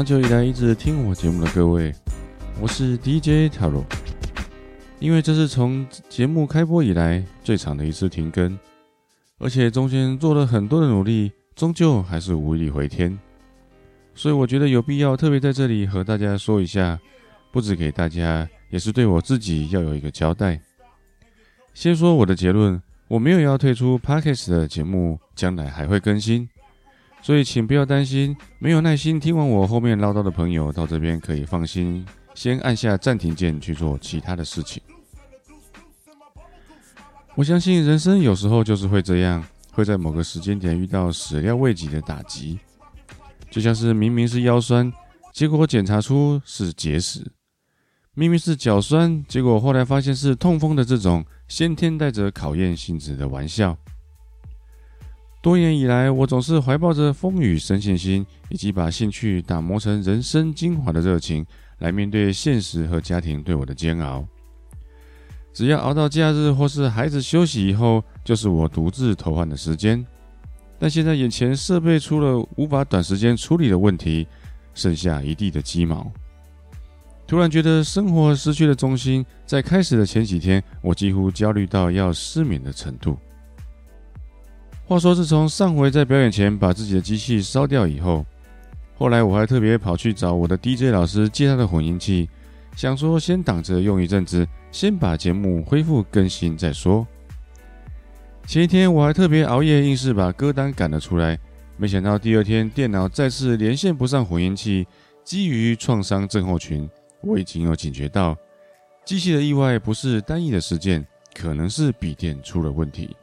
長久以來一直聽我節目的各位，我是 DJ Taro。因為這是從節目開播以來最長的一次停更，而且中間做了很多的努力，終究還是無力回天。所以我覺得有必要特別在這裡和大家說一下，不止給大家，也是對我自己要有一個交代。先說我的結論，我沒有要退出 Podcast 的節目，將來還會更新。所以，請不要擔心，沒有耐心聽完我後面嘮叨的朋友，到這邊可以放心，先按下暫停鍵去做其他的事情。我相信人生有時候就是會這樣，會在某個時間點遇到始料未及的打擊，就像是明明是腰痠，結果檢查出是結石；明明是腳痠，結果後來發現是痛風的這種先天帶着考驗性質的玩笑。多年以來，我總是懷抱着風雨深信心，以及把興趣打磨成人生精華的熱情，來面對現實和家庭對我的煎熬。只要熬到假日或是孩子休息以後，就是我獨自偷換的時間。但現在眼前設備出了無法短時間處理的問題，剩下一地的雞毛。突然覺得生活失去了中心，在開始的前幾天，我幾乎焦慮到要失眠的程度。話說，自從上回在表演前把自己的機器燒掉以後，後來我還特別跑去找我的 DJ 老師借他的混音器，想說先擋着用一陣子，先把節目恢復更新再說。前一天我還特別熬夜，硬是把歌單趕了出來，沒想到第二天電腦再次連線不上混音器。基於創傷症候群，我已經有警覺到，機器的意外不是單一的事件，可能是筆電出了問題。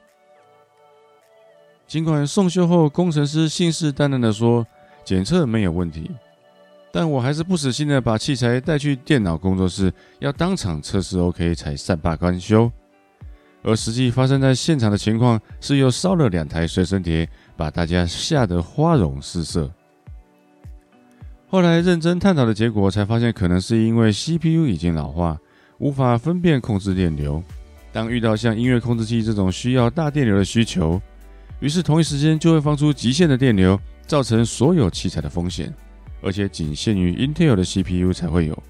儘管送修後工程師信誓旦旦的說檢測沒有問題，但我還是不死心的把器材帶去電腦工作室，要當場測試 OK 才善罷甘休。而實際發生在現場的情況是，又燒了兩台隨身碟，把大家嚇得花容失色。後來認真探討的結果，才發現可能是因為 CPU 已經老化，無法分辨控制電流。當遇到像音樂控制器這種需要大電流的需求，於是同一時間就會放出極限的電流，造成所有器材的風險，而且僅限於 Intel 的 CPU 才會有。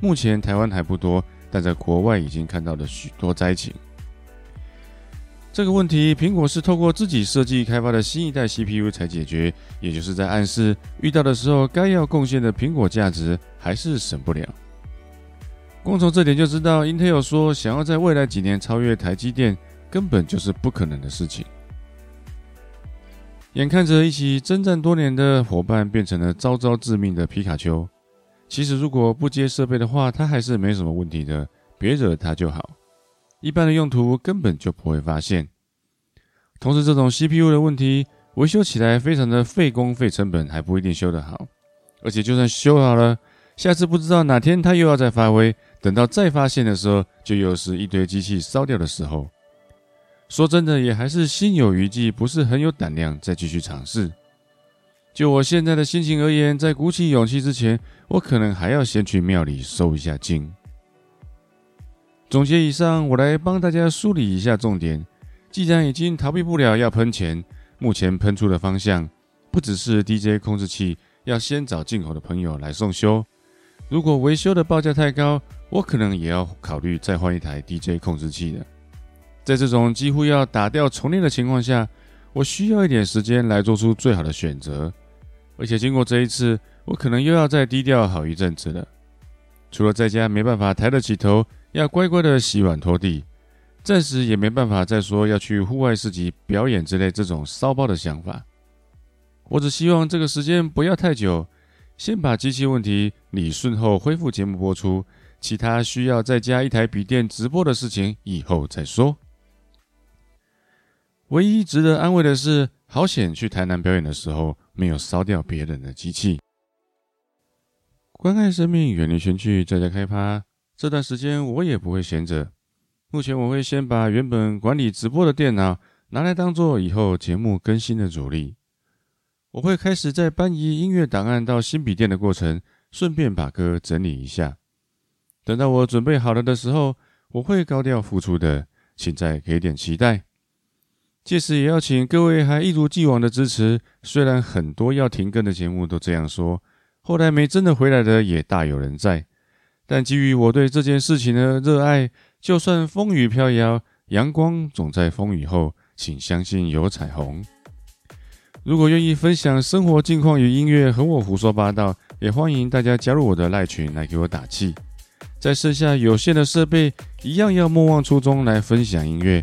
目前台灣還不多，但在國外已經看到了許多災情。這個問題，蘋果是透過自己設計開發的新一代 CPU 才解決，也就是在暗示，遇到的時候該要貢獻的蘋果價值還是省不了。光從這點就知道，Intel 說想要在未來幾年超越台積電，根本就是不可能的事情。眼看着一起征戰多年的伙伴變成了招招致命的皮卡丘，其實如果不接設備的話，他還是沒什麼問題的，別惹他就好。一般的用途根本就不會發現。同時，這種 CPU 的問題維修起來非常的費工費成本，還不一定修得好。而且就算修好了，下次不知道哪天他又要再發威，等到再發現的時候，就又是一堆機器燒掉的時候。說真的，也還是心有餘悸，不是很有膽量再繼續嘗試。就我現在的心情而言，在鼓起勇氣之前，我可能還要先去廟裡收一下驚。總結以上，我來幫大家梳理一下重點：既然已經逃避不了要噴錢，目前噴出的方向，不只是 DJ 控制器，要先找進口的朋友來送修。如果維修的報價太高，我可能也要考慮再換一台 DJ 控制器的。在這種幾乎要打掉重練的情況下，我需要一點時間來做出最好的選擇。而且經過這一次，我可能又要再低調好一陣子了。除了在家沒辦法抬得起頭，要乖乖的洗碗拖地，暫時也沒辦法再說要去戶外市集表演之類這種騷包的想法。我只希望這個時間不要太久，先把機器問題理順後恢復節目播出，其他需要再加一台筆電直播的事情以後再說。唯一值得安慰的是，好險去台南表演的時候沒有燒掉別人的機器。關愛生命，遠離群聚，再加開趴。這段時間我也不會閒着。目前我會先把原本管理直播的電腦拿來當做以後節目更新的主力。我會開始在搬移音樂檔案到新筆電的過程，順便把歌整理一下。等到我準備好了的時候，我會高調復出的，請再給點期待。屆時也要請各位還一如既往的支持，雖然很多要停更的節目都這樣說，後來沒真的回來的也大有人在，但基於我對這件事情的熱愛。就算風雨飄搖，陽光總在風雨後，請相信有彩虹。如果願意分享生活近況與音樂和我胡說八道，也歡迎大家加入我的賴群來給我打氣。在剩下有限的設備，一樣要莫忘初衷來分享音樂。